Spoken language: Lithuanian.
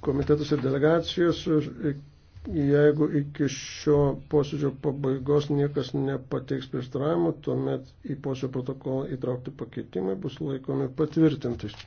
komitetus ir delegacijas. Jeigu iki šio posėdžio pabaigos niekas nepateiks prieštaravimų, tuomet į posėdžio protokolą įtraukti pakeitimai bus laikomi patvirtintais.